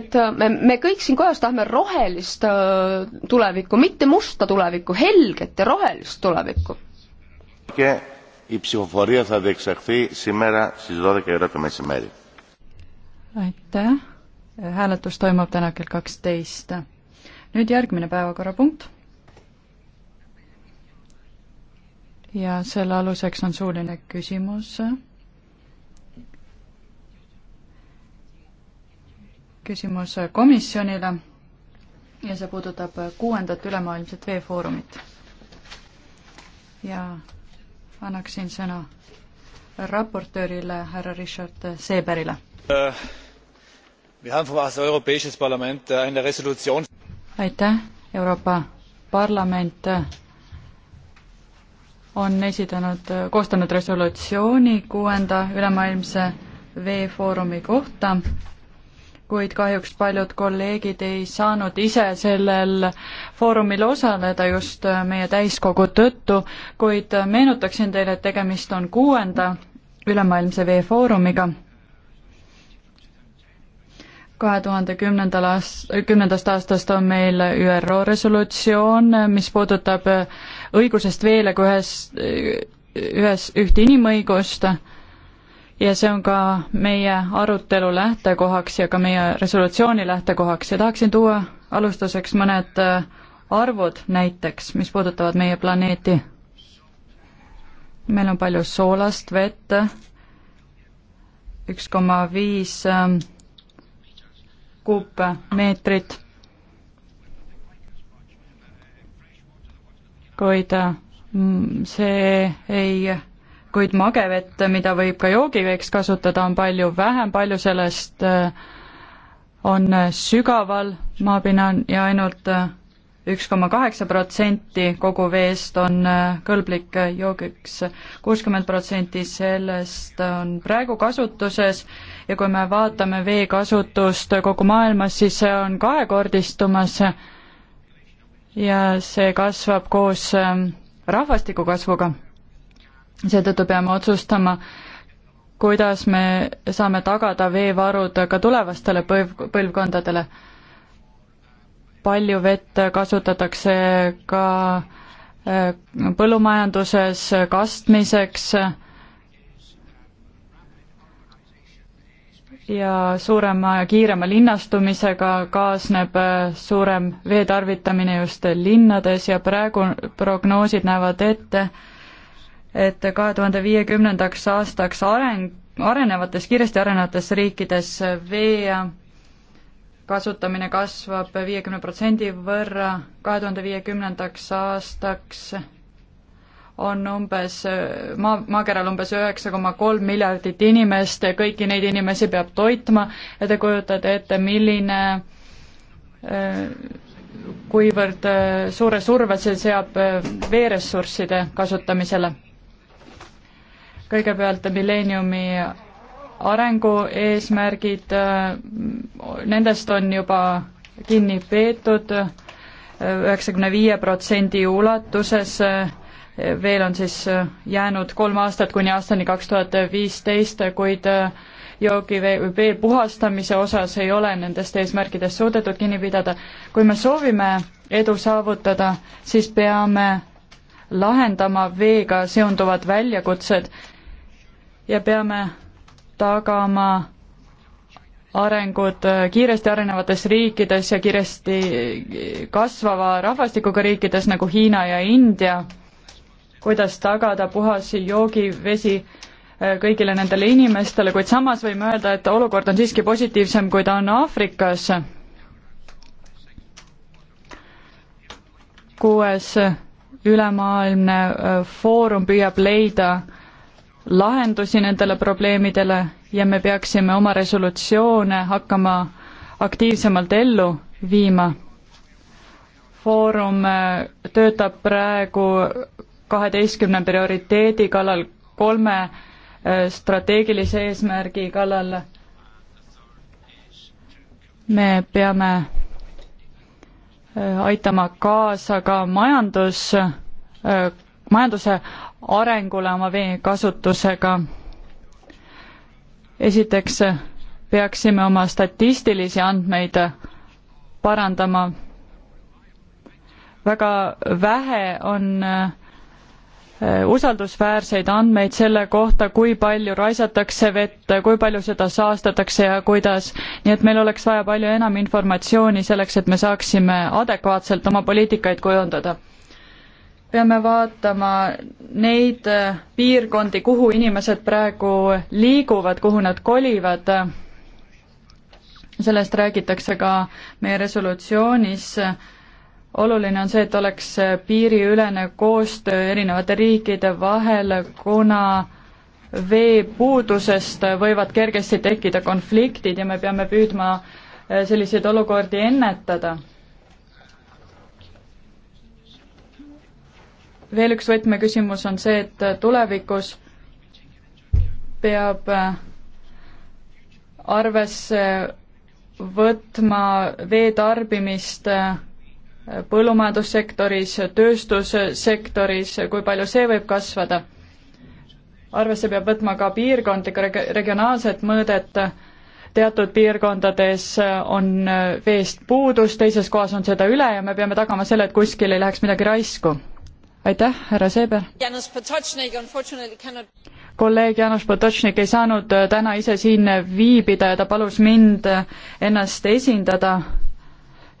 et äh, me, me kõik siin kojas tahame rohelist äh, tulevikku, mitte musta tulevikku, helget ja rohelist tulevikku. aitäh, hääletus toimub täna kell kaksteist. nüüd järgmine päevakorrapunkt. ja selle aluseks on suuline küsimus küsimus komisjonile ja see puudutab kuuendat ülemaailmset veefoorumit. ja annaksin sõna raportöörile härra Richard Seeberile äh,. äh aitäh, Euroopa Parlament äh, on esitanud, äh, koostanud resolutsiooni kuuenda ülemaailmse veefoorumi kohta kuid kahjuks paljud kolleegid ei saanud ise sellel foorumil osaleda just äh, meie täiskogu tõttu, kuid äh, meenutaksin teile, et tegemist on kuuenda ülemaailmse veefoorumiga. kahe tuhande kümnendal aast-, kümnendast aastast on meil ÜRO resolutsioon, mis puudutab äh, õigusest veele kui ühes, ühes, ühte inimõigust ja see on ka meie arutelu lähtekohaks ja ka meie resolutsiooni lähtekohaks ja tahaksin tuua alustuseks mõned äh, arvud näiteks, mis puudutavad meie planeeti. meil on palju soolast vett, üks koma viis ähm, kuupmeetrit, kuid äh, see ei kuid magevett, mida võib ka joogiveeks kasutada, on palju vähem, palju sellest äh, on äh, sügaval maapinnal ja ainult äh, üks koma kaheksa protsenti kogu veest on kõlblik joogiks. kuuskümmend protsenti sellest on praegu kasutuses ja kui me vaatame vee kasutust kogu maailmas, siis see on kahekordistumas ja see kasvab koos rahvastiku kasvuga seetõttu peame otsustama, kuidas me saame tagada veevarud ka tulevastele põlv, põlvkondadele. palju vett kasutatakse ka äh, põllumajanduses kastmiseks ja suurema ja kiirema linnastumisega kaasneb äh, suurem vee tarvitamine just linnades ja praegu prognoosid näevad ette, et kahe tuhande viiekümnendaks aastaks areng, arenevates, kiiresti arenevates riikides vee kasutamine kasvab viiekümne protsendi võrra, kahe tuhande viiekümnendaks aastaks on umbes, maa, maakeral umbes üheksa koma kolm miljardit inimest ja kõiki neid inimesi peab toitma ja te kujutate ette, milline kuivõrd suure surve see seab veeressursside kasutamisele kõigepealt milleeniumi arengueesmärgid, äh, nendest on juba kinni peetud äh, üheksakümne viie protsendi ulatuses, äh, veel on siis jäänud kolm aastat kuni aastani kaks tuhat viisteist, kuid joogivee või vee puhastamise osas ei ole nendest eesmärkidest suudetud kinni pidada. kui me soovime edu saavutada, siis peame lahendama veega seonduvad väljakutsed ja peame tagama arengud kiiresti arenevates riikides ja kiiresti kasvava rahvastikuga riikides nagu Hiina ja India, kuidas tagada puhas joogivesi äh, kõigile nendele inimestele, kuid samas võime öelda, et olukord on siiski positiivsem, kui ta on Aafrikas. kuues ülemaailmne äh, foorum püüab leida lahendusi nendele probleemidele ja me peaksime oma resolutsioone hakkama aktiivsemalt ellu viima. Foorum äh, töötab praegu kaheteistkümne prioriteedi kallal, kolme äh, strateegilise eesmärgi kallal. me peame äh, aitama kaasa ka majandus, majanduse arengule oma vee kasutusega. esiteks peaksime oma statistilisi andmeid parandama. väga vähe on äh, usaldusväärseid andmeid selle kohta, kui palju raisatakse vett, kui palju seda saastatakse ja kuidas. nii et meil oleks vaja palju enam informatsiooni selleks, et me saaksime adekvaatselt oma poliitikaid kujundada peame vaatama neid äh, piirkondi, kuhu inimesed praegu liiguvad, kuhu nad kolivad. sellest räägitakse ka meie resolutsioonis. oluline on see, et oleks piiriülene koostöö erinevate riikide vahel, kuna veepuudusest võivad kergesti tekkida konfliktid ja me peame püüdma äh, selliseid olukordi ennetada veel üks võtmeküsimus on see, et tulevikus peab äh, arvesse võtma vee tarbimist äh, põllumajandussektoris, tööstussektoris, kui palju see võib kasvada. arvesse peab võtma ka piirkondlikku reg-, regionaalset mõõdet, teatud piirkondades on äh, veest puudus, teises kohas on seda üle ja me peame tagama selle, et kuskil ei läheks midagi raisku aitäh, härra Seeber. kolleeg Janos Potočnik ei saanud äh, täna ise siin viibida ja ta palus mind äh, ennast esindada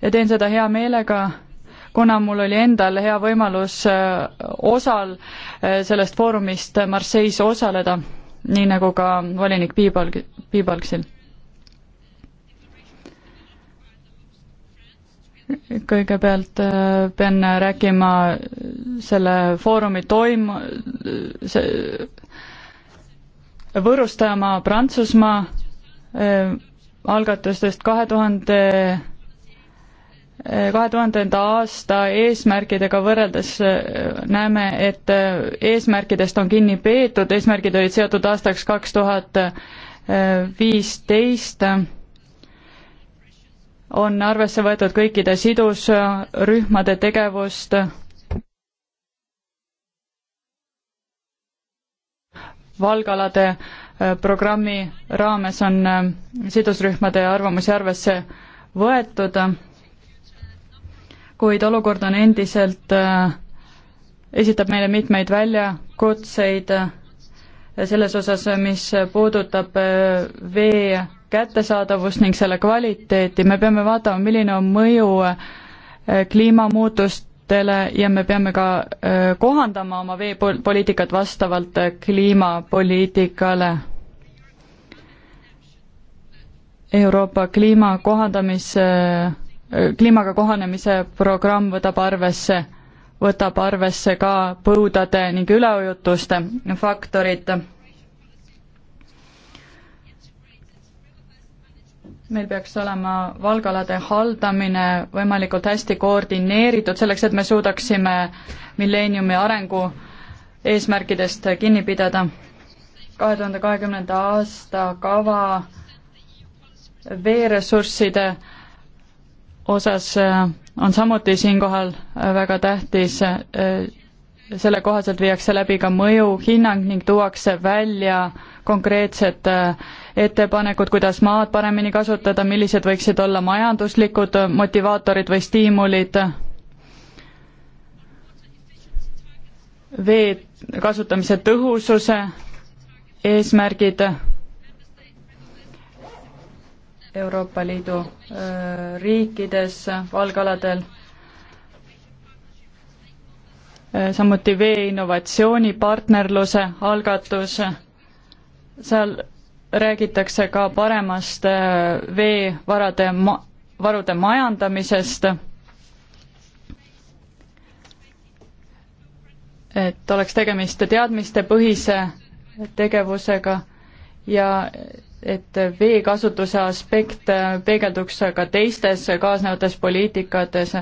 ja teen seda hea meelega, kuna mul oli endal hea võimalus äh, osal sellest foorumist Marseille's osaleda, nii nagu ka volinik Piibalg, Piibalgsil kõigepealt äh, pean rääkima selle foorumi toim-, see Võõrustajamaa, Prantsusmaa äh, algatustest kahe tuhande, äh, kahe tuhandenda aasta eesmärkidega võrreldes näeme, et eesmärkidest on kinni peetud, eesmärgid olid seotud aastaks kaks tuhat viisteist on arvesse võetud kõikide sidusrühmade tegevust. valgalade äh, programmi raames on äh, sidusrühmade arvamusi arvesse võetud, kuid olukord on endiselt, äh, esitab meile mitmeid väljakutseid selles osas, mis puudutab vee kättesaadavust ning selle kvaliteeti, me peame vaatama, milline on mõju äh, kliimamuutustele ja me peame ka äh, kohandama oma veepoliitikat vastavalt äh, kliimapoliitikale Euroopa kliima kohandamise, kliimaga kohanemise programm võtab arvesse, võtab arvesse ka põudade ning üleujutuste faktorit. meil peaks olema valgalade haldamine võimalikult hästi koordineeritud, selleks et me suudaksime milleeniumi arengu eesmärkidest kinni pidada. kahe tuhande kahekümnenda aasta kava veeressursside osas äh, on samuti siinkohal äh, väga tähtis, äh, selle kohaselt viiakse läbi ka mõjuhinnang ning tuuakse välja äh, konkreetsed äh, ettepanekud, kuidas maad paremini kasutada, millised võiksid olla majanduslikud motivaatorid või stiimulid vee kasutamise tõhususe eesmärgid Euroopa Liidu äh, riikides, valgaladel, äh, samuti vee innovatsioonipartnerluse algatus seal räägitakse ka paremast äh, veevarade ma-, varude majandamisest, et oleks tegemist teadmistepõhise tegevusega ja et veekasutuse aspekt äh, peegelduks ka teistes kaasnevates poliitikates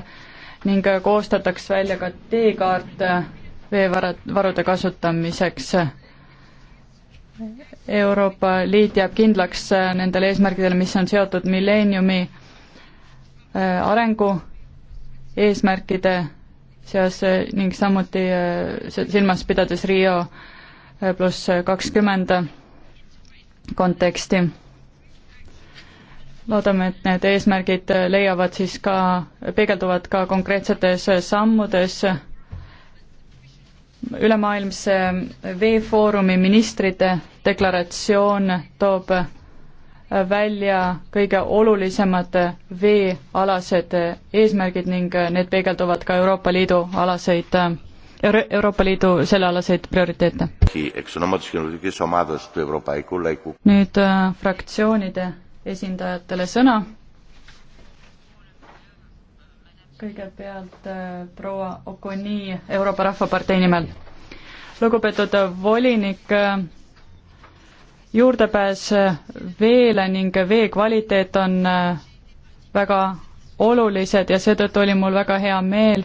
ning koostataks välja ka teekaart äh, veevarad, varude kasutamiseks Euroopa Liit jääb kindlaks äh, nendele eesmärkidele, mis on seotud milleeniumi äh, arengu eesmärkide seas äh, ning samuti silmas pidades Rio pluss kakskümmend konteksti. loodame, et need eesmärgid leiavad siis ka, peegelduvad ka konkreetsetes sammudes ülemaailmse veefoorumi ministrite deklaratsioon toob välja kõige olulisemad veealased eesmärgid ning need peegelduvad ka Euroopa Liidu alaseid Euro Euroopa Liidu sellealaseid prioriteete. nüüd äh, fraktsioonide esindajatele sõna. kõigepealt äh, proua Okoni Euroopa Rahvapartei nimel. lugupeetud volinik äh, juurdepääs veele ning vee kvaliteet on äh, väga olulised ja seetõttu oli mul väga hea meel,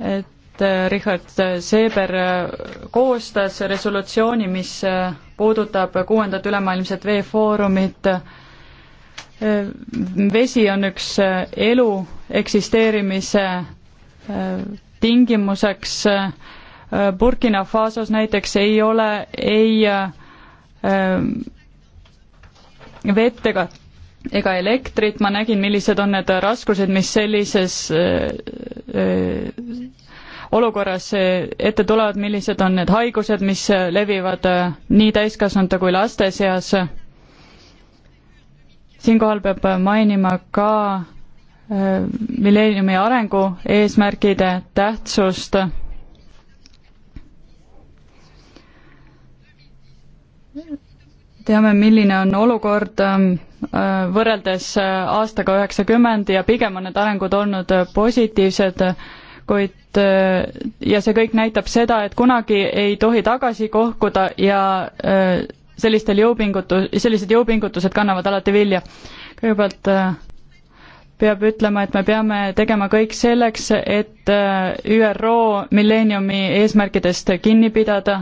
et äh, Richard Seeber äh, koostas resolutsiooni, mis puudutab kuuendat ülemaailmset veefoorumit. vesi on üks elu eksisteerimise tingimuseks. Burkina Fasos näiteks ei ole ei Ehm, vett ega, ega elektrit, ma nägin, millised on need raskused, mis sellises eh, eh, olukorras eh, ette tulevad, millised on need haigused, mis levivad nii täiskasvanute kui laste seas. siinkohal peab mainima ka milleeniumi arengu eesmärkide tähtsust teame, milline on olukord ähm, äh, võrreldes äh, aastaga üheksakümmend ja pigem on need arengud olnud äh, positiivsed, kuid ja see kõik näitab seda, et kunagi ei tohi tagasi kohkuda ja sellistel jõupingutu-, sellised jõupingutused kannavad alati vilja. kõigepealt peab ütlema, et me peame tegema kõik selleks, et ÜRO milleeniumi eesmärkidest kinni pidada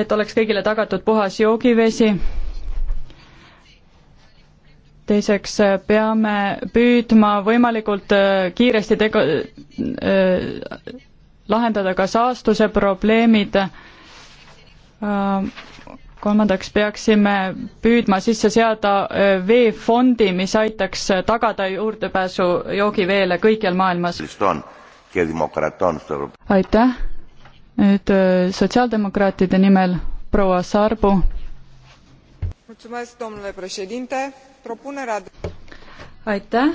et oleks kõigile tagatud puhas joogivesi. teiseks äh, peame püüdma võimalikult äh, kiiresti tegu- äh,, lahendada ka saastuse probleemid äh,. kolmandaks peaksime püüdma sisse seada äh, veefondi, mis aitaks tagada juurdepääsu joogiveele kõikjal maailmas. aitäh nüüd äh, sotsiaaldemokraatide nimel proua Sarbu. aitäh.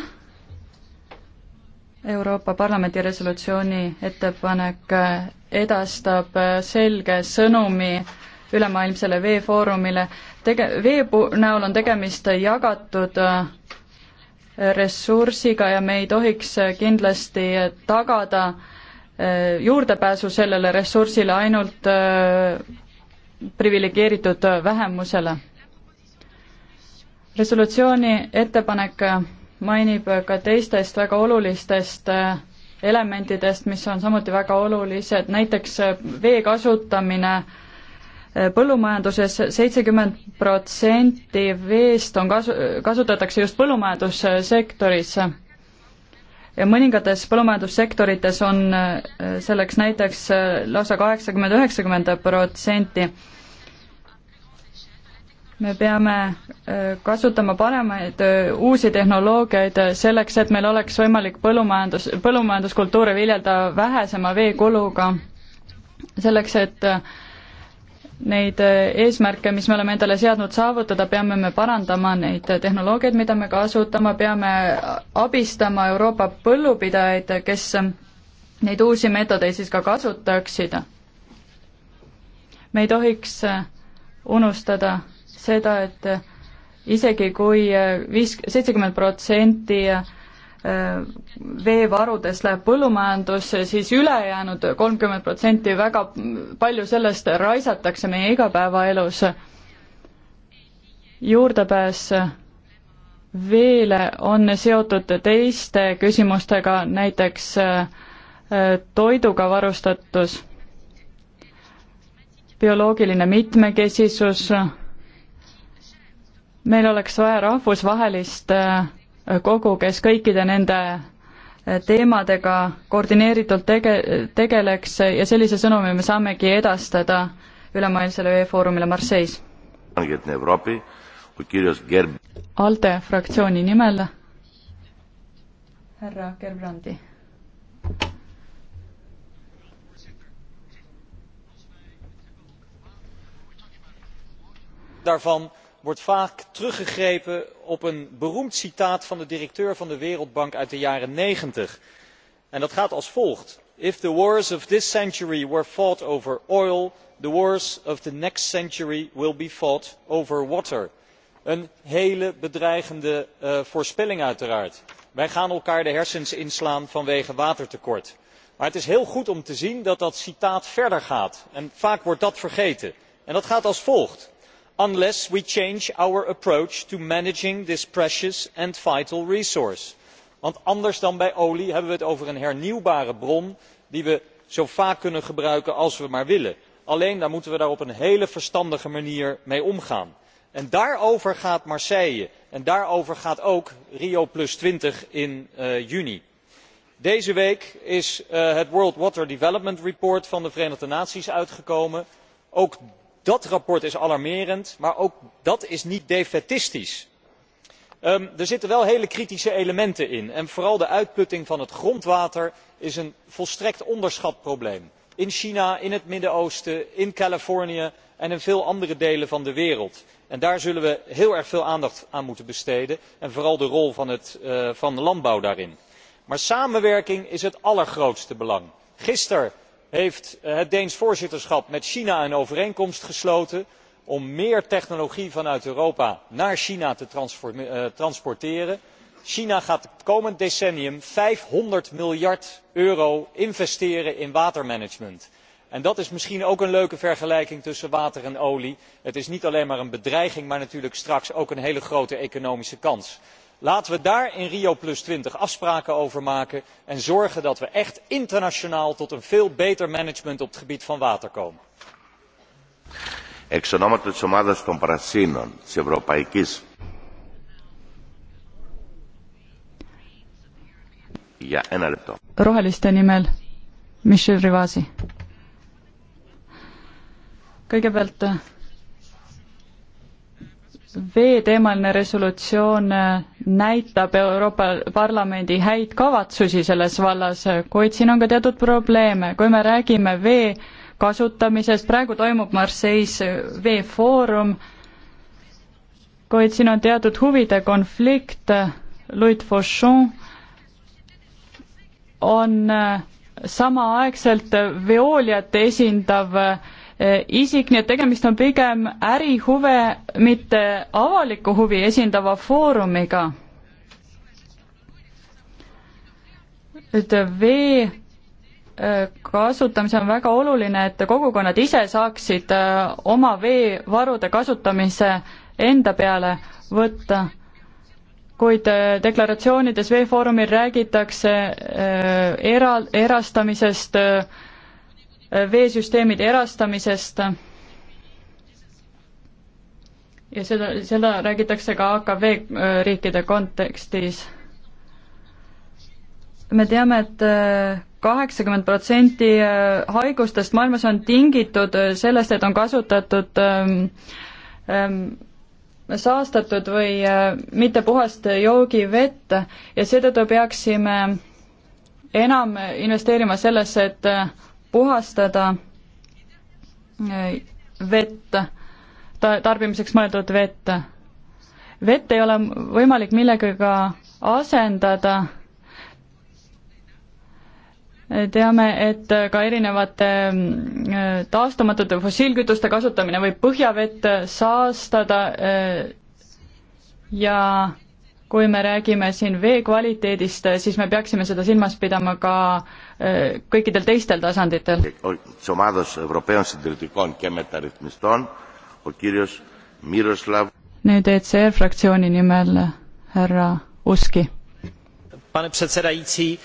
Euroopa Parlamendi resolutsiooni ettepanek edastab selge sõnumi ülemaailmsele veefoorumile. tege-, vee näol on tegemist jagatud ressursiga ja me ei tohiks kindlasti tagada äh, Äh, juurdepääsu sellele ressursile ainult äh, priviligeeritud vähemusele. resolutsiooni ettepanek mainib ka teistest väga olulistest äh, elementidest, mis on samuti väga olulised, näiteks vee kasutamine põllumajanduses, seitsekümmend protsenti veest on kasu, kasutatakse just põllumajandussektoris mõningates põllumajandussektorites on äh, selleks näiteks äh, lausa kaheksakümmend, üheksakümmend protsenti. me peame äh, kasutama paremaid uusi tehnoloogiaid selleks, et meil oleks võimalik põllumajandus, põllumajanduskultuure viljelda vähesema veekuluga, selleks et äh, neid eh, eesmärke, mis me oleme endale seadnud saavutada, peame me parandama neid tehnoloogiaid, mida me kasutame, peame abistama Euroopa põllupidajaid, kes neid uusi meetodeid siis ka kasutaksid. me ei tohiks eh, unustada seda, et isegi kui eh, viis, seitsekümmend protsenti Äh, veevarudest läheb põllumajandusse, siis ülejäänud kolmkümmend protsenti, väga palju sellest raisatakse meie igapäevaelus. juurdepääs veele on seotud teiste küsimustega, näiteks äh, toiduga varustatus, bioloogiline mitmekesisus, meil oleks vaja rahvusvahelist äh, kogu, kes kõikide nende eh, teemadega koordineeritult tege-, tegeleks ja sellise sõnumi me saamegi edastada ülemaailmsele ÜE-foorumile Marseilles. ALDE fraktsiooni nimel härra Gerbrandi. daarvan wordt vaak teruggegrepen op een beroemd citaat van de directeur van de wereldbank uit de jaren negentig en dat gaat als volgt if the wars of this century were fought over oil the wars of the next century will be fought over water. een hele bedreigende eh, voorspelling uiteraard. wij gaan elkaar de hersens inslaan vanwege watertekort. maar het is heel goed om te zien dat dat citaat verder gaat en vaak wordt dat vergeten en dat gaat als volgt unless we change our approach to managing this precious and vital resource want anders dan bij olie hebben wij het over een hernieuwbare bron die wij zo vaak kunnen gebruiken als wij maar willen alleen dan moeten wij daar op een heel verstandige manier mee omgaan. daarover gaat marseille en daarover gaat ook rio twintig in eh, juni. deze week is eh, het world water development report van de verenigde naties uitgekomen. ook dat verslag is alarmerend maar ook dat is niet defaitistisch. Ehm, er zitten wel hele kritische elementen in en vooral de uitputting van het grondwater is een volstrekt onderschat probleem in china in het midden oosten in californië en in veel andere delen van de wereld. daar zullen we heel erg veel aandacht aan moeten besteden en vooral de rol van eh, de landbouw daarin. maar samenwerking is van het allergrootste belang. gisteren heeft eh, het deens voorzitterschap met china een overeenkomst gesloten om meer technologie vanuit europa naar china te eh, transporteren. china gaat het komend decennium vijfhonderd miljard euro investeren in watermanagement. dat is misschien ook een leuke vergelijking tussen water en olie. het is niet alleen maar een bedreiging maar natuurlijk straks ook een hele grote economische kans laten we daar in rio twintig afspraken over maken en zorgen dat we echt internationaal tot een veel beter management op het gebied van water komen. kõigepealt veeteemaline resolutsioon äh, näitab Euroopa Parlamendi häid kavatsusi selles vallas, kuid siin on ka teatud probleeme, kui me räägime vee kasutamisest, praegu toimub Marseille's veefoorum, kuid siin on teatud huvide konflikt, Louis Fauchon on äh, samaaegselt veooliat esindav äh, isik, nii et tegemist on pigem ärihuve, mitte avalikku huvi esindava foorumiga. et vee äh, kasutamise on väga oluline, et kogukonnad ise saaksid äh, oma veevarude kasutamise enda peale võtta. kuid äh, deklaratsioonides Veefoorumil räägitakse era-, erastamisest äh, veesüsteemide erastamisest. ja seda, seda räägitakse ka AKV äh, riikide kontekstis. me teame et, et äh, kaheksakümmend protsenti äh, haigustest maailmas on tingitud sellest, et on kasutatud ähm, ähm saastatud või mitte puhast joogivett ja seetõttu peaksime enam investeerima sellesse, et puhastada äh, vett, tarbimiseks mõeldud vett. vett ei ole võimalik millegagi asendada. teame, et ka erinevate äh, taastumatute fossiilkütuste kasutamine võib põhjavett saastada äh, ja kui me räägime siin vee kvaliteedist, siis me peaksime seda silmas pidama ka äh, kõikidel teistel tasanditel. nüüd ECR fraktsiooni nimel härra Uski. Eh,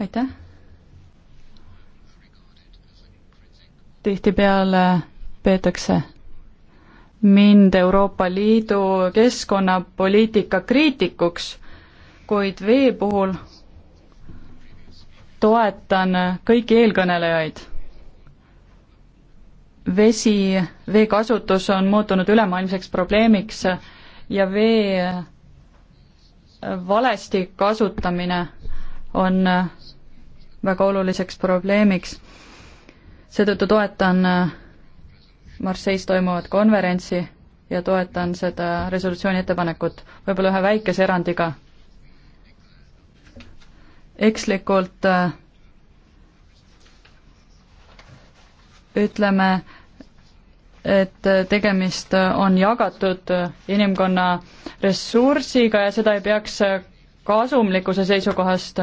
aitäh. tihtipeale peetakse mind Euroopa Liidu keskkonnapoliitika kriitikuks, kuid vee puhul toetan kõiki eelkõnelejaid. vesi, vee kasutus on muutunud ülemaailmseks probleemiks ja vee valesti kasutamine on väga oluliseks probleemiks. seetõttu toetan Marseille's toimuvat konverentsi ja toetan seda resolutsiooni ettepanekut võib-olla ühe väikese erandiga ekslikult äh, ütleme, et äh, tegemist äh, on jagatud inimkonna ressursiga ja seda ei peaks kasumlikkuse seisukohast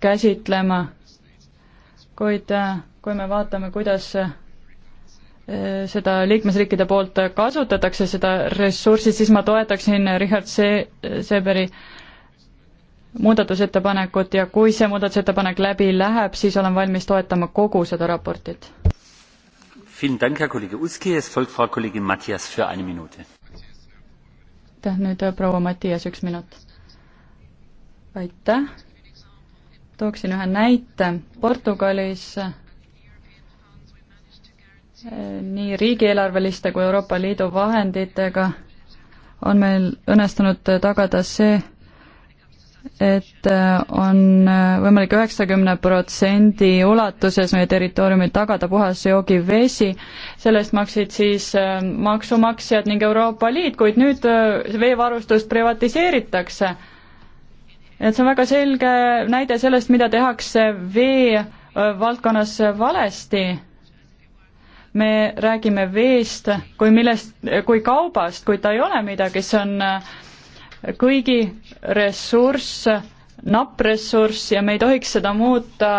käsitlema. kuid kui me vaatame, kuidas seda liikmesriikide poolt kasutatakse, seda ressurssi, siis ma toetaksin Richard Se-, Seberi äh, muudatusettepanekut ja kui see muudatusettepanek läbi läheb, siis olen valmis toetama kogu seda raportit. aitäh, nüüd äh, proua Mattias, üks minut. aitäh, tooksin ühe näite, Portugalis äh, nii riigieelarveliste kui Euroopa Liidu vahenditega on meil õnnestunud tagada see, et äh, on äh, võimalik üheksakümne protsendi ulatuses meie territooriumil tagada puhas joogivesi, sellest maksid siis äh, maksumaksjad ning Euroopa Liit, kuid nüüd veevarustust privatiseeritakse. et see on väga selge näide sellest, mida tehakse vee valdkonnas valesti me räägime veest kui millest, kui kaubast, kuid ta ei ole midagi, see on kõigi ressurss, napp ressurss ja me ei tohiks seda muuta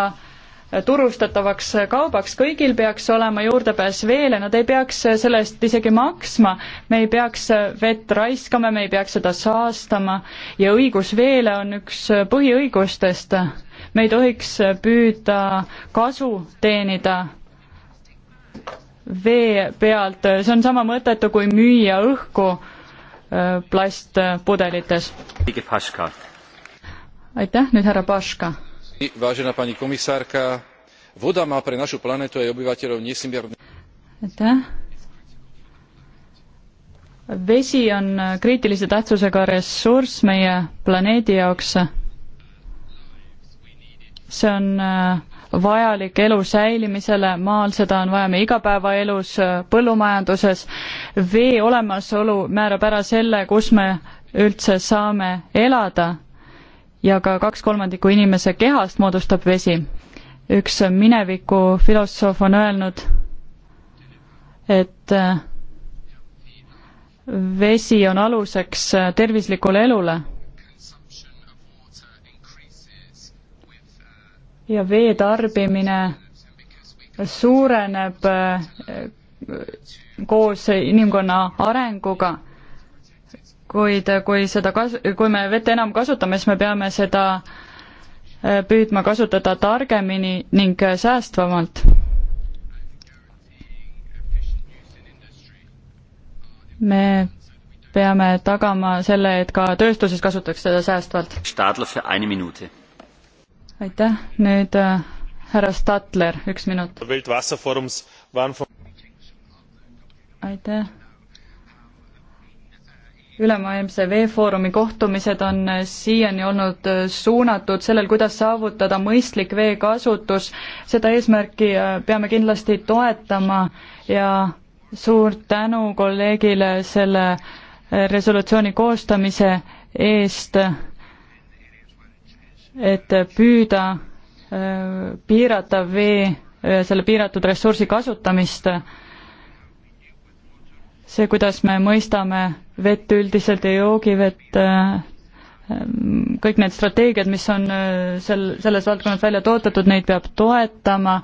turustatavaks kaubaks, kõigil peaks olema juurdepääs veele, nad ei peaks selle eest isegi maksma, me ei peaks vett raiskama, me ei peaks seda saastama ja õigus veele on üks põhiõigustest. me ei tohiks püüda kasu teenida vee pealt, see on sama mõttetu kui müüa õhku plastpudelites. aitäh, nüüd härra Paška. Vážená pani komisárka, voda má pre našu planetu aj obyvateľov nesmierne... Aitäh. Vesi on kriitilise tähtsusega ressurss meie planeedi jaoks. See on äh, vajalik elu säilimisele, maal seda on vaja me igapäevaelus, äh, põllumajanduses. vee olemasolu määrab ära selle, kus me üldse saame elada ja ka kaks kolmandikku inimese kehast moodustab vesi. üks mineviku filosoof on öelnud, et äh, vesi on aluseks äh, tervislikule elule ja vee tarbimine suureneb äh, koos inimkonna arenguga kuid kui seda kas-, kui me vett enam kasutame, siis me peame seda äh, püüdma kasutada targemini ning säästvamalt. me peame tagama selle, et ka tööstuses kasutatakse seda säästvalt aitäh, nüüd äh, härra Statler, üks minut. aitäh. ülemaailmse veefoorumi kohtumised on äh, siiani olnud äh, suunatud sellel, kuidas saavutada mõistlik veekasutus. seda eesmärki peame kindlasti toetama ja suur tänu kolleegile selle resolutsiooni koostamise eest et püüda äh, piirata vee, äh, selle piiratud ressursi kasutamist. see, kuidas me mõistame vett üldiselt ja joogivett, äh, kõik need strateegiad, mis on sel, selles valdkonnas välja toodetud, neid peab toetama.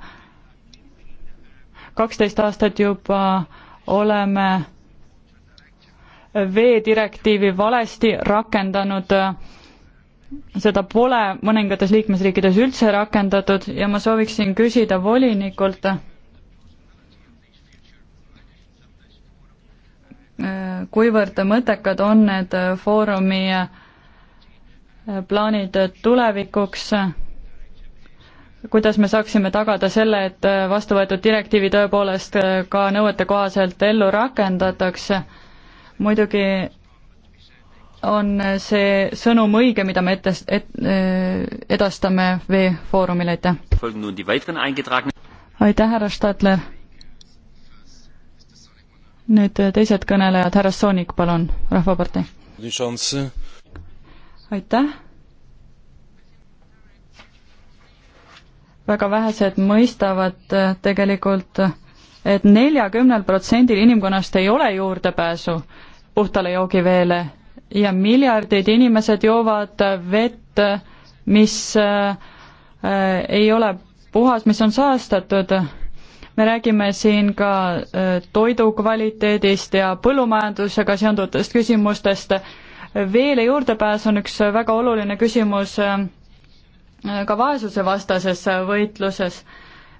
kaksteist aastat juba oleme veedirektiivi valesti rakendanud äh, seda pole mõningates liikmesriikides üldse rakendatud ja ma sooviksin küsida volinikult, äh, kuivõrd mõttekad on need Foorumi äh, plaanid tulevikuks, kuidas me saaksime tagada selle, et äh, vastu võetud direktiivi tõepoolest ka nõuete kohaselt ellu rakendatakse, muidugi on see sõnum õige, mida me ette, et, eh, edastame veefoorumile, aitäh! aitäh, härra Stadler! nüüd eh, teised kõnelejad, härra Soonik, palun, Rahvapartei. aitäh! väga vähesed mõistavad eh, tegelikult, et neljakümnel protsendil inimkonnast ei ole juurdepääsu puhtale joogiveele ja miljardid inimesed joovad vett, mis äh, ei ole puhas, mis on saastatud. me räägime siin ka äh, toidu kvaliteedist ja põllumajandusega seonduvatest küsimustest. veele juurdepääs on üks väga oluline küsimus äh, ka vaesusevastases võitluses.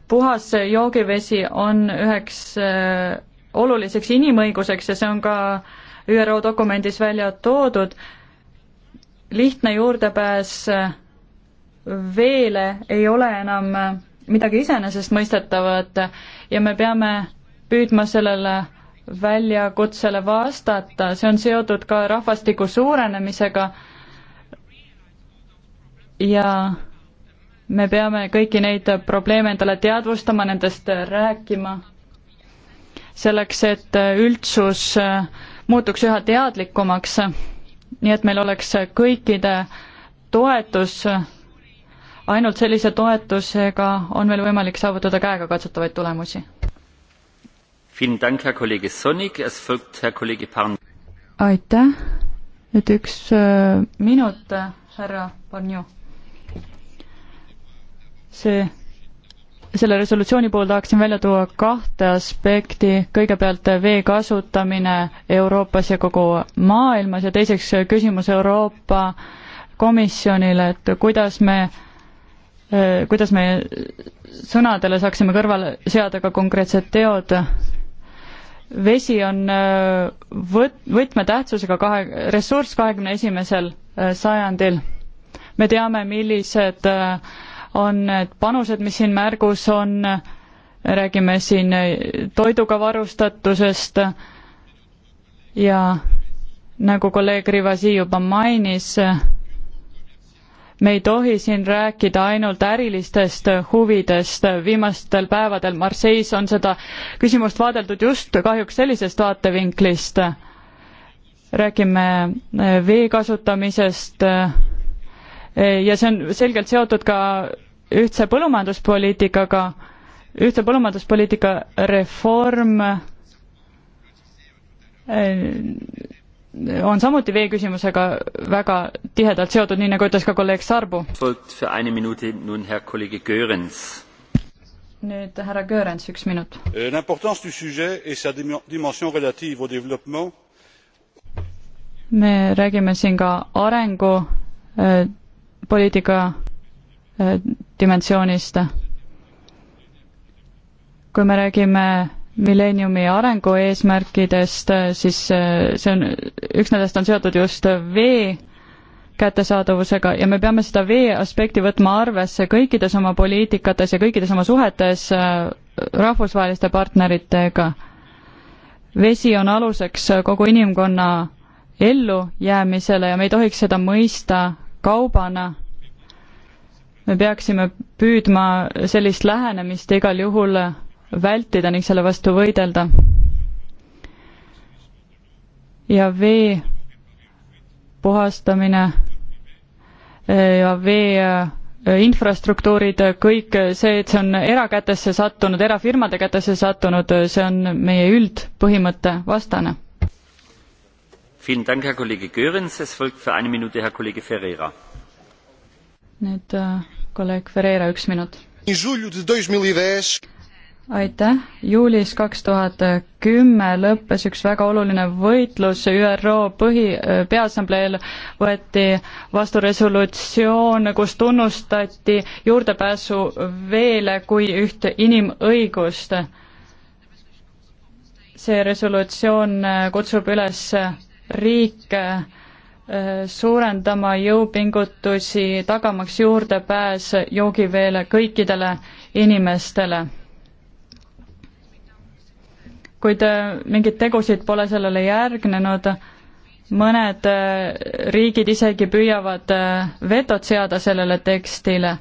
puhas joogivesi on üheks oluliseks inimõiguseks ja see on ka äh, ÜRO dokumendis välja toodud, lihtne juurdepääs veele ei ole enam midagi iseenesestmõistetavat ja me peame püüdma sellele väljakutsele vastata, see on seotud ka rahvastiku suurenemisega ja me peame kõiki neid probleeme endale teadvustama, nendest rääkima, selleks et üldsus äh, muutuks üha teadlikumaks, nii et meil oleks kõikide toetus, ainult sellise toetusega on meil võimalik saavutada käegakatsutavaid tulemusi. aitäh, nüüd üks äh, minut, äh, härra Barnjov. see selle resolutsiooni puhul tahaksin välja tuua kahte aspekti, kõigepealt vee kasutamine Euroopas ja kogu maailmas ja teiseks küsimus Euroopa Komisjonile, et kuidas me, kuidas me sõnadele saaksime kõrvale seada ka konkreetsed teod. vesi on võt-, võtmetähtsusega kahe, ressurss kahekümne esimesel äh, sajandil. me teame, millised äh, on need panused, mis siin märgus on, räägime siin toiduga varustatusest ja nagu kolleeg Rivasi juba mainis, me ei tohi siin rääkida ainult ärilistest huvidest, viimastel päevadel Marseilles on seda küsimust vaadeldud just kahjuks sellisest vaatevinklist. räägime vee kasutamisest ja see on selgelt seotud ka ühtse põllumajanduspoliitikaga, ühtse põllumajanduspoliitika reform eh, on samuti veeküsimusega väga tihedalt seotud, nii nagu ütles ka kolleeg Sarbu. nüüd härra Görens, üks minut. Euh, me räägime siin ka arengupoliitika eh, eh, dimensioonist. kui me räägime milleeniumi arengueesmärkidest, siis eh, see on, üks nendest on seotud just vee kättesaadavusega ja me peame seda vee aspekti võtma arvesse kõikides oma poliitikates ja kõikides oma suhetes eh, rahvusvaheliste partneritega. vesi on aluseks kogu inimkonna ellujäämisele ja me ei tohiks seda mõista kaubana me peaksime püüdma sellist lähenemist igal juhul vältida ning selle vastu võidelda. ja vee puhastamine ja vee äh, infrastruktuurid, kõik see, et see on erakätesse sattunud, erafirmade kätesse sattunud, see on meie üldpõhimõtte vastane. nüüd äh, kolleeg Ferreira, üks minut. E aitäh, juulis kaks tuhat kümme lõppes üks väga oluline võitlus, ÜRO põhi, äh, peaassambleel võeti vastu resolutsioon, kus tunnustati juurdepääsu veele kui üht inimõigust. see resolutsioon äh, kutsub üles riike suurendama jõupingutusi, tagamaks juurdepääs joogiveele kõikidele inimestele. kuid äh, mingeid tegusid pole sellele järgnenud, mõned äh, riigid isegi püüavad äh, vetot seada sellele tekstile.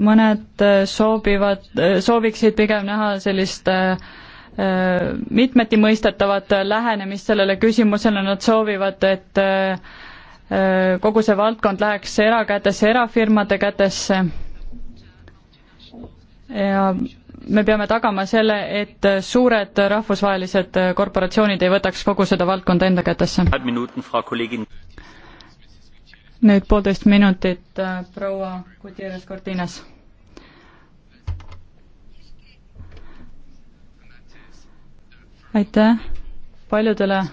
mõned soovivad, sooviksid pigem näha sellist äh, Äh, mitmeti mõistetavat lähenemist sellele küsimusele, nad soovivad, et äh, äh, kogu see valdkond läheks erakätesse, erafirmade kätesse. ja me peame tagama selle, et suured rahvusvahelised korporatsioonid ei võtaks kogu seda valdkonda enda kätesse. nüüd poolteist minutit proua Gutierrez Cortines aitäh, paljudele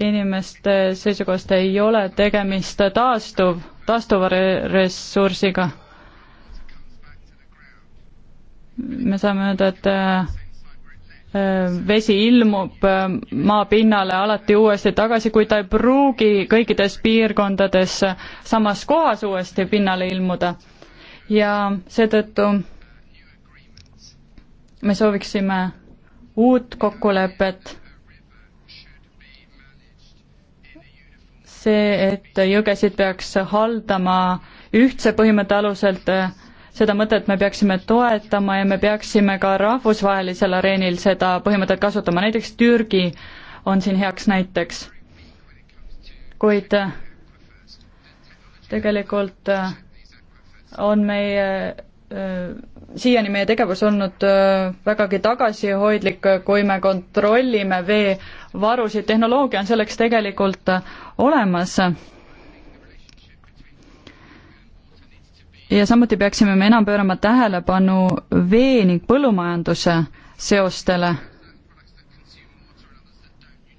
inimeste seisukohast ei ole tegemist taastuv, taastuva re-, ressursiga. me saame öelda, et äh, vesi ilmub äh, maapinnale alati uuesti tagasi, kuid ta ei pruugi kõikides piirkondades samas kohas uuesti pinnale ilmuda. ja seetõttu me sooviksime uut kokkulepet, see, et jõgesid peaks haldama ühtse põhimõtte aluselt, seda mõtet me peaksime toetama ja me peaksime ka rahvusvahelisel areenil seda põhimõtet kasutama, näiteks Türgi on siin heaks näiteks. kuid tegelikult on meie Äh, siiani meie tegevus olnud äh, vägagi tagasihoidlik, äh, kui me kontrollime veevarusid, tehnoloogia on selleks tegelikult olemas. ja samuti peaksime me enam pöörama tähelepanu vee ning põllumajanduse seostele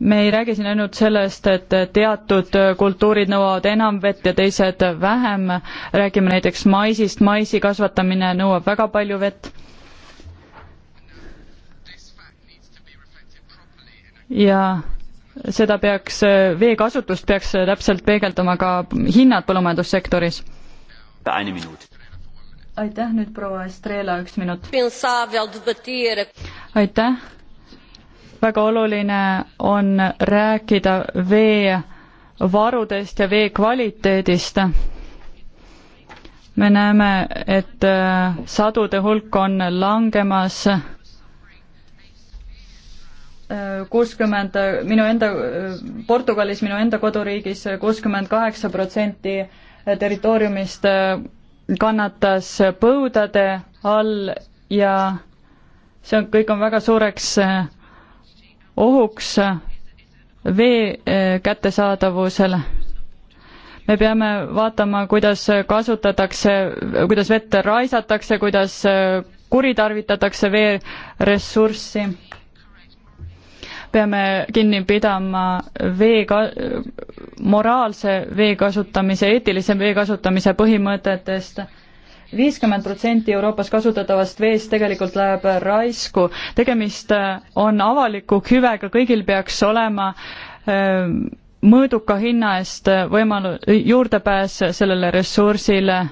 me ei räägi siin ainult sellest, et teatud kultuurid nõuavad enam vett ja teised vähem, räägime näiteks maisist, maisi kasvatamine nõuab väga palju vett. ja seda peaks, veekasutust peaks täpselt peegeldama ka hinnad põllumajandussektoris. aitäh nüüd proua Estrela, üks minut. aitäh väga oluline on rääkida veevarudest ja vee kvaliteedist. me näeme, et äh, sadude hulk on langemas. Äh, kuuskümmend, äh, minu enda, Portugalis, minu enda koduriigis kuuskümmend kaheksa protsenti territooriumist kannatas põudade all ja see on, kõik on väga suureks ohuks vee eh, kättesaadavusele. me peame vaatama, kuidas kasutatakse, kuidas vett raisatakse, kuidas eh, kuritarvitatakse veeressurssi. peame kinni pidama vee ka-, moraalse vee kasutamise, eetilise vee kasutamise põhimõtetest viiskümmend protsenti Euroopas kasutatavast veest tegelikult läheb raisku. tegemist äh, on avaliku hüvega, kõigil peaks olema äh, mõõduka hinna eest äh, võimalu-, juurdepääs sellele ressursile.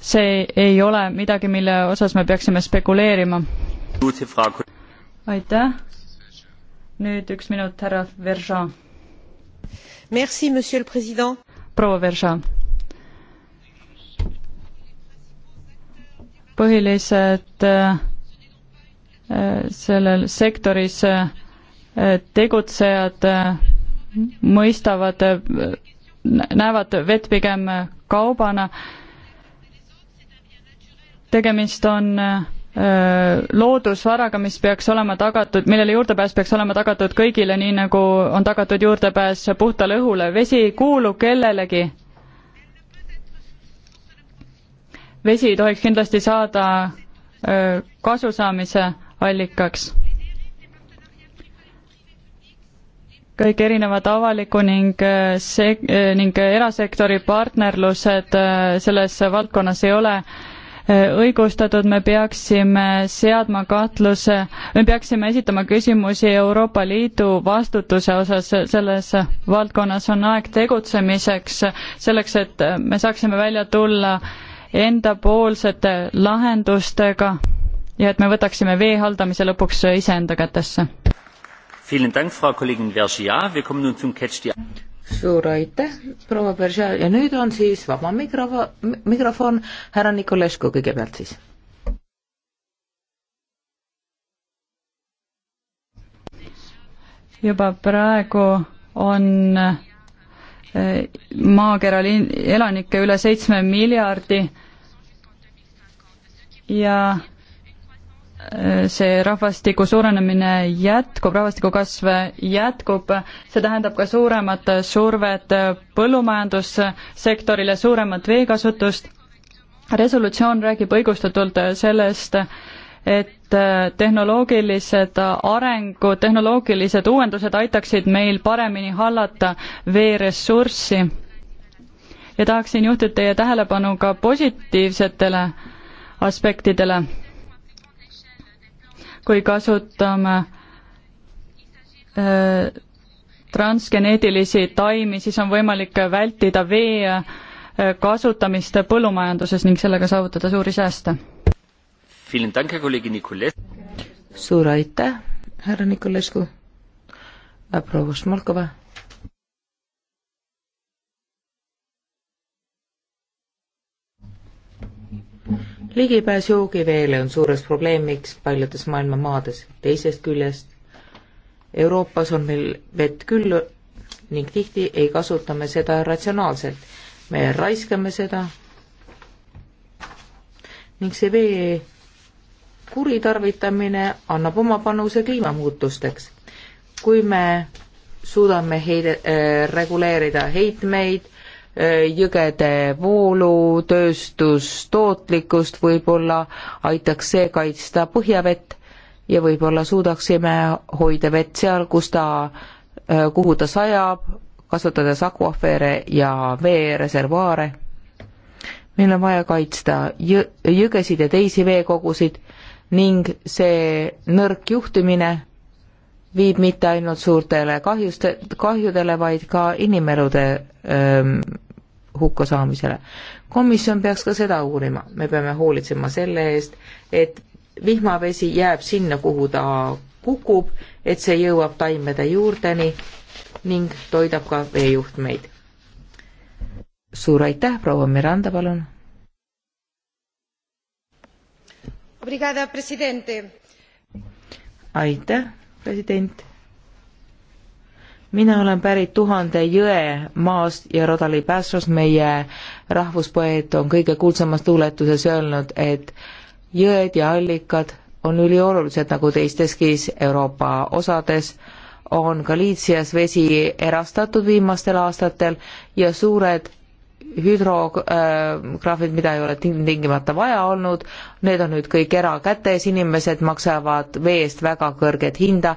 see ei ole midagi, mille osas me peaksime spekuleerima. aitäh. nüüd üks minut, härra Verža. proua Verža põhilised äh, sellel sektoris äh, tegutsejad äh, mõistavad, näevad vett pigem kaubana. tegemist on loodusvaraga, mis peaks olema tagatud, millele juurdepääs peaks olema tagatud kõigile, nii nagu on tagatud juurdepääs puhtale õhule. vesi ei kuulu kellelegi, vesi tohiks kindlasti saada kasusaamise allikaks. kõik erinevad avaliku ning see, ning erasektori partnerlused selles valdkonnas ei ole õigustatud, me peaksime seadma kahtluse, me peaksime esitama küsimusi Euroopa Liidu vastutuse osas selles valdkonnas, on aeg tegutsemiseks, selleks et me saaksime välja tulla äh, endapoolsete lahendustega ja et me võtaksime vee haldamise lõpuks iseenda kätesse. suur aitäh, proua Berža ja nüüd on siis vaba mikrofon, mikrofon härra Nikolescu kõigepealt siis. juba praegu on maakera elanikke üle seitsme miljardi ja äh, see rahvastiku suurenemine jätkub, rahvastiku kasv jätkub, see tähendab ka suuremat survet põllumajandussektorile, suuremat veekasutust. resolutsioon räägib õigustatult sellest, et äh, tehnoloogilised arengud, tehnoloogilised uuendused aitaksid meil paremini hallata veeressurssi. ja tahaksin juhtida teie tähelepanu ka positiivsetele aspektidele. kui kasutame äh, transgeneetilisi taimi, siis on võimalik vältida vee äh, kasutamist põllumajanduses ning sellega saavutada suuri sääste suur aitäh, härra Nikolescu. proua Šmolkova. ligipääs joogiveele on suures probleemiks paljudes maailma maades, teisest küljest Euroopas on meil vett küll ning tihti ei kasuta me seda ratsionaalselt. me raiskame seda ning see vee kuritarvitamine annab oma panuse kliimamuutusteks. kui me suudame heide äh,, reguleerida heitmeid äh,, jõgede voolu, tööstustootlikkust, võib-olla aitaks see kaitsta põhjavett ja võib-olla suudaksime hoida vett seal, kus ta äh,, kuhu ta sajab, kasutades akvafere ja veereservuaare. meil on vaja kaitsta jõ-, jõgesid ja teisi veekogusid ning see nõrk juhtimine viib mitte ainult suurtele kahjuste, kahjudele, vaid ka inimelude öö, hukka saamisele. komisjon peaks ka seda uurima, me peame hoolitsema selle eest, et vihmavesi jääb sinna, kuhu ta kukub, et see jõuab taimede juurdeni ning toidab ka veejuhtmeid. suur aitäh, proua Miranda, palun aitäh, president. mina olen pärit Tuhande jõe maast ja Rodali Päästros, meie rahvuspoeet on kõige kuulsamas luuletuses öelnud, et jõed ja allikad on üliolulised nagu teisteski Euroopa osades, on Galiitsias vesi erastatud viimastel aastatel ja suured hüdrograafid, mida ei ole tingimata vaja olnud, need on nüüd kõik erakätes, inimesed maksavad vee eest väga kõrget hinda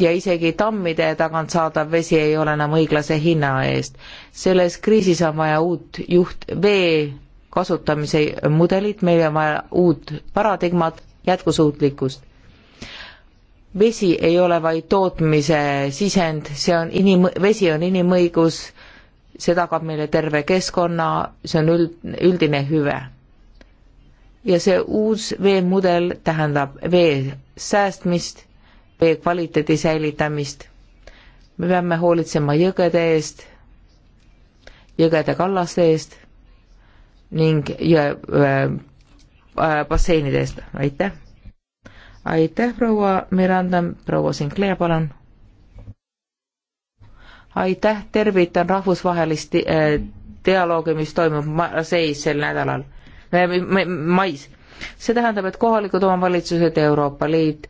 ja isegi tammide tagant saadav vesi ei ole enam õiglase hinna eest. selles kriisis on vaja uut juht, vee kasutamise mudelit, meil on vaja uut paradigmat, jätkusuutlikkust. vesi ei ole vaid tootmise sisend, see on inim-, vesi on inimõigus, see tagab meile terve keskkonna, see on üld, üldine hüve. ja see uus veemudel tähendab vee säästmist, vee kvaliteedi säilitamist. me peame hoolitsema jõgede eest, jõgede kallaste eest ning jõe äh, basseinide eest, aitäh! aitäh, proua Miranda, proua Sinclair, palun! aitäh, tervitan rahvusvahelist eh, dialoogi, mis toimub Marseille's sel nädalal, eh, mais. see tähendab, et kohalikud omavalitsused ja Euroopa Liit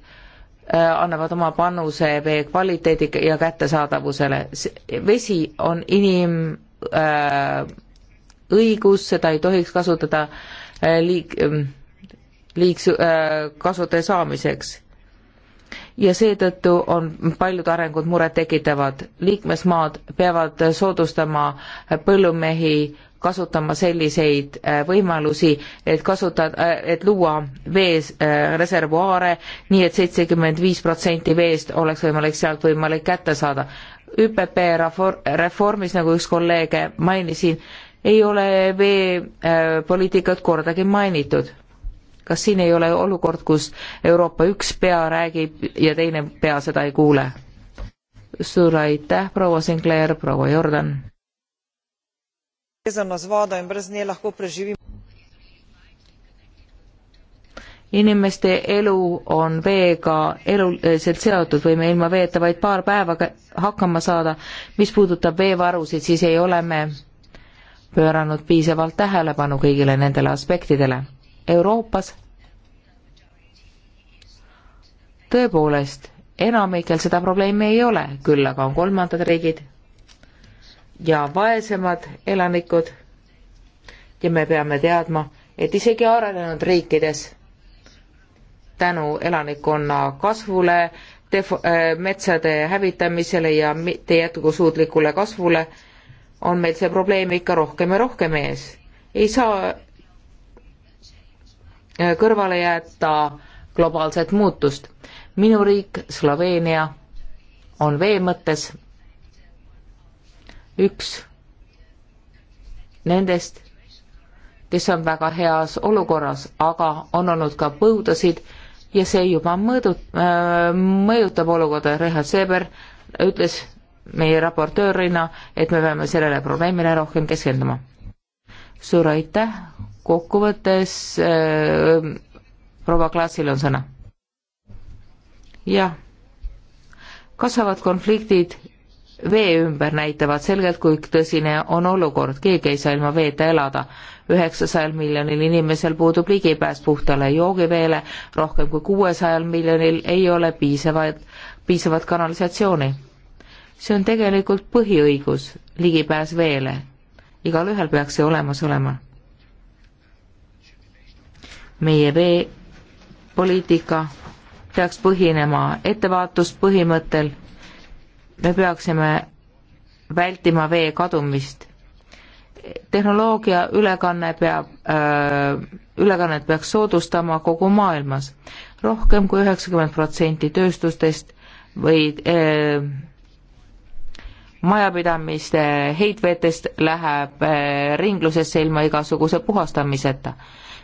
eh, annavad oma panuse vee kvaliteedi ja kättesaadavusele. vesi on inimõigus äh,, seda ei tohiks kasutada liig-, mm, liigs- äh,, kasude saamiseks ja seetõttu on paljud arengud murettekitavad. liikmesmaad peavad soodustama põllumehi kasutama selliseid äh, võimalusi, et kasutada, äh, et luua vees äh, reservuaare, nii et seitsekümmend viis protsenti veest oleks võimalik sealt võimalik kätte saada. ÜPP reformis, nagu üks kolleeg mainisin, ei ole veepoliitikat kordagi mainitud kas siin ei ole olukord, kus Euroopa üks pea räägib ja teine pea seda ei kuule? suur aitäh, proua Sinclair, proua Jordan. inimeste elu on veega eluliselt seotud, võime ilma veeta vaid paar päeva hakkama saada. mis puudutab veevarusid, siis ei ole me pööranud piisavalt tähelepanu kõigile nendele aspektidele Euroopas tõepoolest enamikel seda probleemi ei ole, küll aga on kolmandad riigid ja vaesemad elanikud ja me peame teadma, et isegi arenenud riikides tänu elanikkonna kasvule, defo-, äh, metsade hävitamisele ja mitte jätkusuutlikule kasvule on meil see probleem ikka rohkem ja rohkem ees. ei saa Äh, kõrvale jätta globaalset muutust. minu riik, Sloveenia, on vee mõttes üks nendest, kes on väga heas olukorras, aga on olnud ka põudasid ja see juba mõõdu- äh,, mõjutab olukorda. Reha Seeber ütles meie raportöörina, et me peame sellele probleemile rohkem keskenduma. suur aitäh, kokkuvõttes äh, proua Klaasil on sõna. jah, kasvavad konfliktid vee ümber näitavad selgelt, kui tõsine on olukord, keegi ei saa ilma veeta elada. üheksasajal miljonil inimesel puudub ligipääs puhtale joogiveele, rohkem kui kuuesajal miljonil ei ole piisavaid, piisavat kanalisatsiooni. see on tegelikult põhiõigus, ligipääs veele. igalühel peaks see olemas olema meie veepoliitika peaks põhinema ettevaatuspõhimõttel. me peaksime vältima vee kadumist. tehnoloogia ülekanne peab, äh, ülekannet peaks soodustama kogu maailmas. rohkem kui üheksakümmend protsenti tööstustest või öö, äh, majapidamiste heitvetest läheb öö, äh, ringlusesse ilma igasuguse puhastamiseta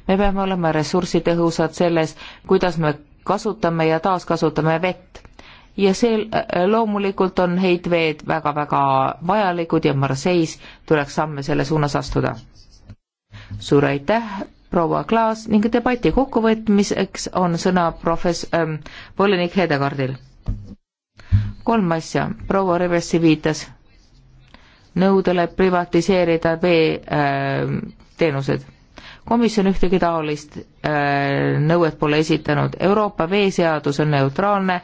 me peame olema ressursitõhusad selles, kuidas me kasutame ja taaskasutame vett. ja see äh, loomulikult on heitveed väga-väga vajalikud ja Marseilles tuleks samme selle suunas astuda. suur aitäh, proua Klaas ning debati kokkuvõtmiseks on sõna profess- ähm,, volinik Hedekaardil. kolm asja, proua Rivesi viitas nõudele privatiseerida veeteenused ähm, äh, komisjon ühtegi taolist äh, nõuet pole esitanud, Euroopa veeseadus on neutraalne,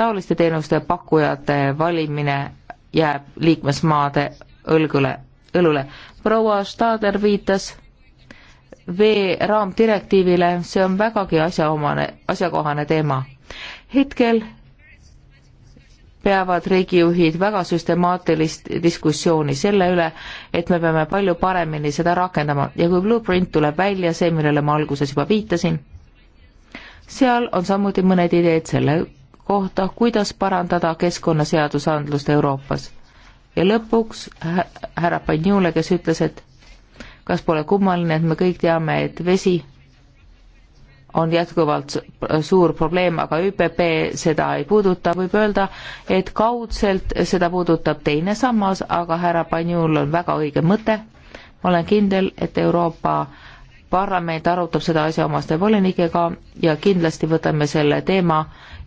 taoliste teenuste pakkujate valimine jääb liikmesmaade õlgule, õlule. proua Stader viitas vee raamdirektiivile, see on vägagi asjaomane, asjakohane teema. hetkel peavad riigijuhid väga süstemaatilist diskussiooni selle üle, et me peame palju paremini seda rakendama ja kui blueprint tuleb välja, see, millele ma alguses juba viitasin, seal on samuti mõned ideed selle kohta, kuidas parandada keskkonnaseadusandlust Euroopas. ja lõpuks härra Panjule, kes ütles, et kas pole kummaline, et me kõik teame, et vesi on jätkuvalt suur probleem, aga ÜPP seda ei puuduta, võib öelda, et kaudselt seda puudutab teine sammas, aga härra Panjul on väga õige mõte, ma olen kindel, et Euroopa Parlament arutab seda asja omaste volinikega ja kindlasti võtame selle teema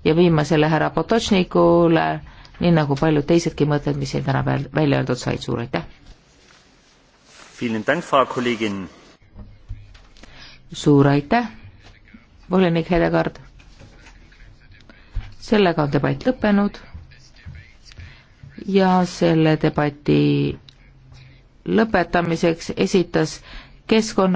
ja viime selle härra Potočnikule, nii nagu paljud teisedki mõtted, mis siin täna välja öeldud said, suur aitäh! suur aitäh! volinik Hedekard. sellega on debatt lõppenud ja selle debati lõpetamiseks esitas keskkonna